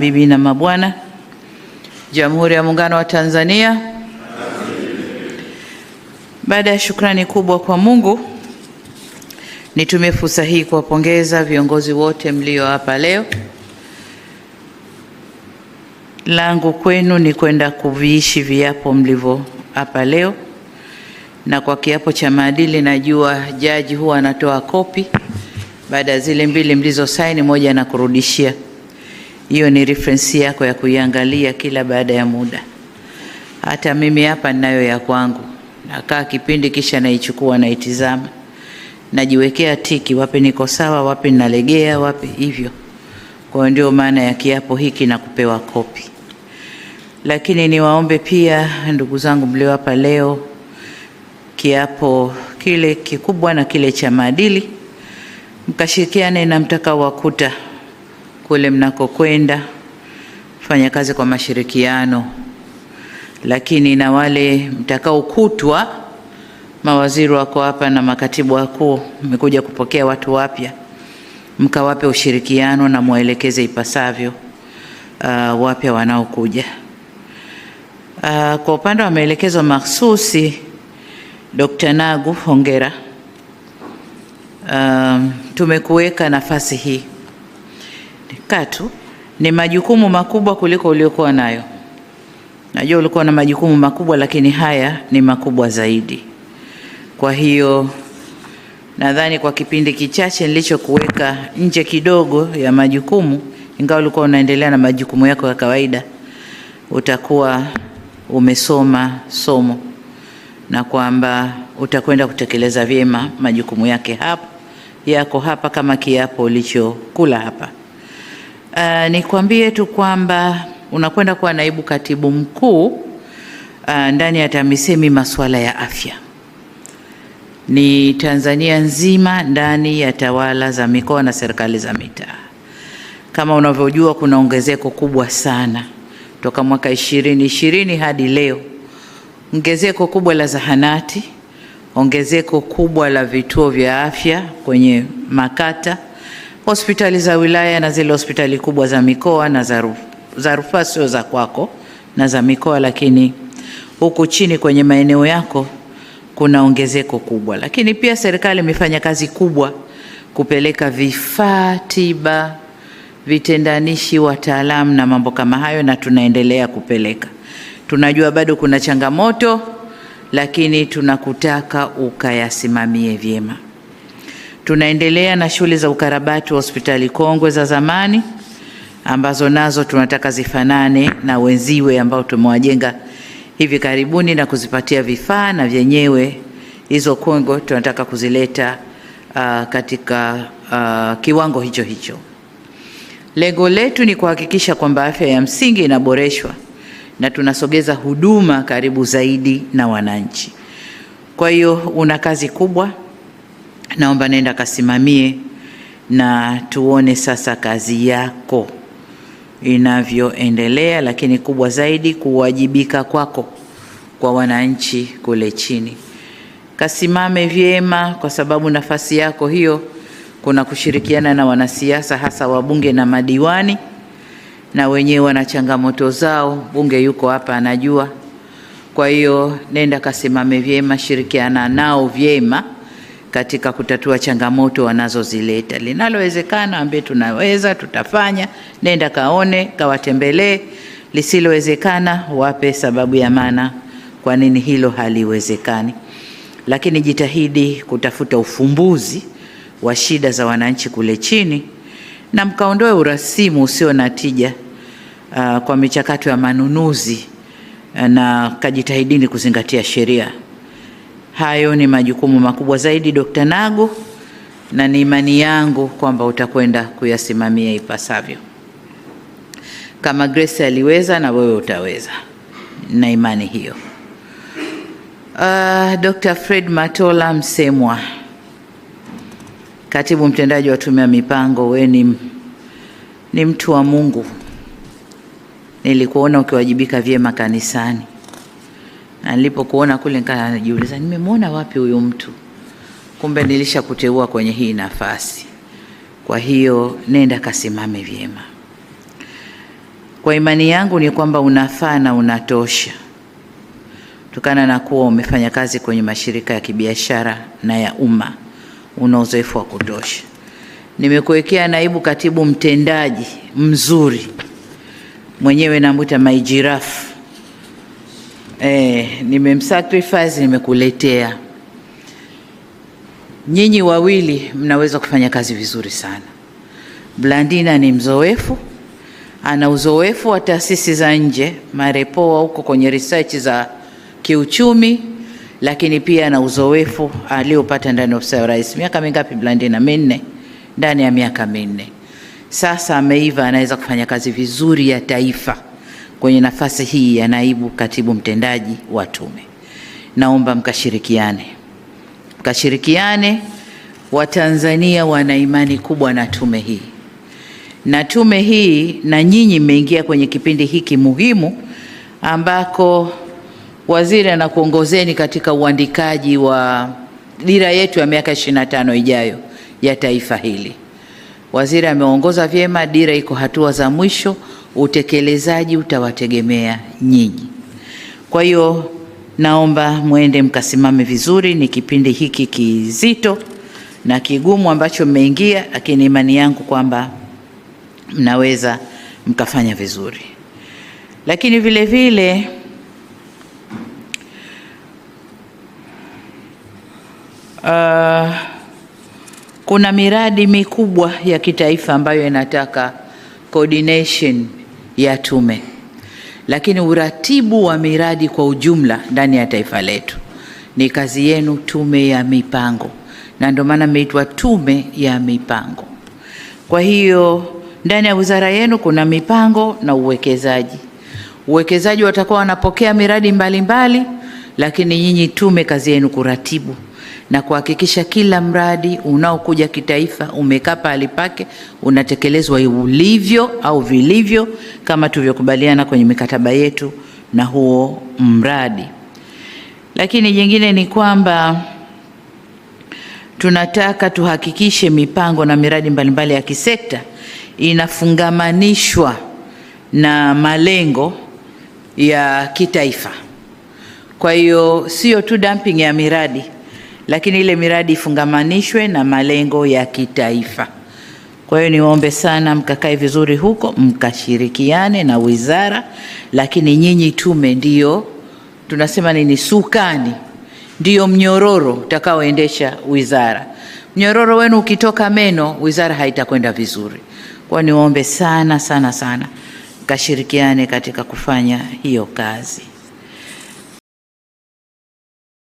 mabibi na mabwana, Jamhuri ya Muungano wa Tanzania. Baada ya shukrani kubwa kwa Mungu, nitumie fursa hii kuwapongeza viongozi wote mlio hapa leo. Langu kwenu ni kwenda kuviishi viapo mlivyo hapa leo, na kwa kiapo cha maadili, najua jaji huwa anatoa kopi baada ya zile mbili mlizo saini, moja na kurudishia hiyo ni reference yako ya kuiangalia kila baada ya muda. Hata mimi hapa ninayo ya kwangu, nakaa kipindi kisha naichukua, naitizama, najiwekea tiki, wapi niko sawa, wapi nalegea, wapi hivyo. Kwa hiyo ndio maana ya kiapo hiki na kupewa kopi. Lakini niwaombe pia ndugu zangu mlio hapa leo, kiapo kile kikubwa na kile cha maadili, mkashirikiane na mtakaowakuta kule mnakokwenda, fanya kazi kwa mashirikiano, lakini na wale mtakaokutwa mawaziri wako hapa na makatibu wakuu, mmekuja kupokea watu wapya, mkawape ushirikiano na mwelekeze ipasavyo uh, wapya wanaokuja. Uh, kwa upande wa maelekezo mahsusi, Dr. Nagu, hongera. Um, tumekuweka nafasi hii mchakato ni majukumu makubwa kuliko uliokuwa nayo. Najua ulikuwa na majukumu makubwa, lakini haya ni makubwa zaidi. Kwa hiyo nadhani kwa kipindi kichache nilichokuweka nje kidogo ya majukumu, ingawa ulikuwa unaendelea na majukumu yako ya kawaida, utakuwa umesoma somo na kwamba utakwenda kutekeleza vyema majukumu yake hapa yako hapa kama kiapo ulichokula hapa. Uh, nikwambie tu kwamba unakwenda kuwa naibu katibu mkuu uh, ndani ya TAMISEMI masuala ya afya ni Tanzania nzima ndani ya tawala za mikoa na serikali za mitaa. Kama unavyojua kuna ongezeko kubwa sana toka mwaka ishirini ishirini hadi leo, ongezeko kubwa la zahanati, ongezeko kubwa la vituo vya afya kwenye makata hospitali za wilaya na zile hospitali kubwa za mikoa na za rufaa, sio za kwako na za mikoa, lakini huku chini kwenye maeneo yako kuna ongezeko kubwa. Lakini pia serikali imefanya kazi kubwa kupeleka vifaa tiba, vitendanishi, wataalamu na mambo kama hayo, na tunaendelea kupeleka. Tunajua bado kuna changamoto, lakini tunakutaka ukayasimamie vyema. Tunaendelea na shughuli za ukarabati wa hospitali kongwe za zamani ambazo nazo tunataka zifanane na wenziwe ambao tumewajenga hivi karibuni na kuzipatia vifaa na vyenyewe hizo kongwe tunataka kuzileta uh, katika uh, kiwango hicho hicho. Lengo letu ni kuhakikisha kwamba afya ya msingi inaboreshwa na tunasogeza huduma karibu zaidi na wananchi. Kwa hiyo una kazi kubwa naomba nenda kasimamie na tuone sasa kazi yako inavyoendelea, lakini kubwa zaidi kuwajibika kwako kwa wananchi kule chini. Kasimame vyema, kwa sababu nafasi yako hiyo kuna kushirikiana na wanasiasa, hasa wabunge na madiwani, na wenyewe wana changamoto zao. Bunge yuko hapa, anajua. Kwa hiyo nenda kasimame vyema, shirikiana nao vyema katika kutatua changamoto wanazozileta. Linalowezekana ambaye tunaweza tutafanya, nenda kaone, kawatembelee. Lisilowezekana wape sababu ya maana kwa nini hilo haliwezekani, lakini jitahidi kutafuta ufumbuzi wa shida za wananchi kule chini, na mkaondoe urasimu usio na tija uh, kwa michakato ya manunuzi ah, na kajitahidini kuzingatia sheria. Hayo ni majukumu makubwa zaidi, Dr. Nago, na ni imani yangu kwamba utakwenda kuyasimamia ipasavyo. Kama Grace aliweza na wewe utaweza, na imani hiyo. Uh, ah, Dr. Fred Matola Msemwa, katibu mtendaji wa tume ya mipango, wewe ni, ni mtu wa Mungu. Nilikuona ukiwajibika vyema kanisani na nilipokuona kule nikaa najiuliza nimemwona wapi huyu mtu, kumbe nilishakuteua kwenye hii nafasi. Kwa hiyo nenda kasimame vyema. Kwa imani yangu ni kwamba unafaa na unatosha, kutokana na kuwa umefanya kazi kwenye mashirika ya kibiashara na ya umma, una uzoefu wa kutosha. Nimekuwekea naibu katibu mtendaji mzuri, mwenyewe namwita maijirafu eh, nimemsacrifice nimekuletea. Nyinyi wawili mnaweza kufanya kazi vizuri sana. Blandina ni mzoefu, ana uzoefu wa taasisi za nje marepoa huko kwenye research za kiuchumi, lakini pia ana uzoefu aliyopata ndani ya ofisi ya rais. Miaka mingapi Blandina? Minne. Ndani ya miaka minne sasa ameiva, anaweza kufanya kazi vizuri ya taifa kwenye nafasi hii ya naibu katibu mtendaji wa tume, naomba mkashirikiane, mkashirikiane. Watanzania wana imani kubwa na tume hii na tume hii, na nyinyi mmeingia kwenye kipindi hiki muhimu ambako waziri anakuongozeni katika uandikaji wa dira yetu ya miaka 25 ijayo ya taifa hili. Waziri ameongoza vyema, dira iko hatua za mwisho utekelezaji utawategemea nyinyi. Kwa hiyo naomba mwende mkasimame vizuri, ni kipindi hiki kizito na kigumu ambacho mmeingia, lakini imani yangu kwamba mnaweza mkafanya vizuri. Lakini vile vile uh, kuna miradi mikubwa ya kitaifa ambayo inataka coordination ya tume, lakini uratibu wa miradi kwa ujumla ndani ya taifa letu ni kazi yenu, Tume ya Mipango, na ndio maana mmeitwa Tume ya Mipango. Kwa hiyo ndani ya wizara yenu kuna mipango na uwekezaji. Uwekezaji watakuwa wanapokea miradi mbalimbali mbali, lakini nyinyi tume kazi yenu kuratibu na kuhakikisha kila mradi unaokuja kitaifa umekaa pahali pake, unatekelezwa ulivyo au vilivyo kama tulivyokubaliana kwenye mikataba yetu na huo mradi. Lakini jingine ni kwamba tunataka tuhakikishe mipango na miradi mbalimbali ya kisekta inafungamanishwa na malengo ya kitaifa. Kwa hiyo sio tu dumping ya miradi lakini ile miradi ifungamanishwe na malengo ya kitaifa. Kwa hiyo niwaombe sana mkakae vizuri huko, mkashirikiane na wizara, lakini nyinyi tume ndiyo tunasema nini, sukani ndio mnyororo utakaoendesha wizara. Mnyororo wenu ukitoka meno, wizara haitakwenda vizuri. Kwa niwaombe sana sana sana, mkashirikiane katika kufanya hiyo kazi.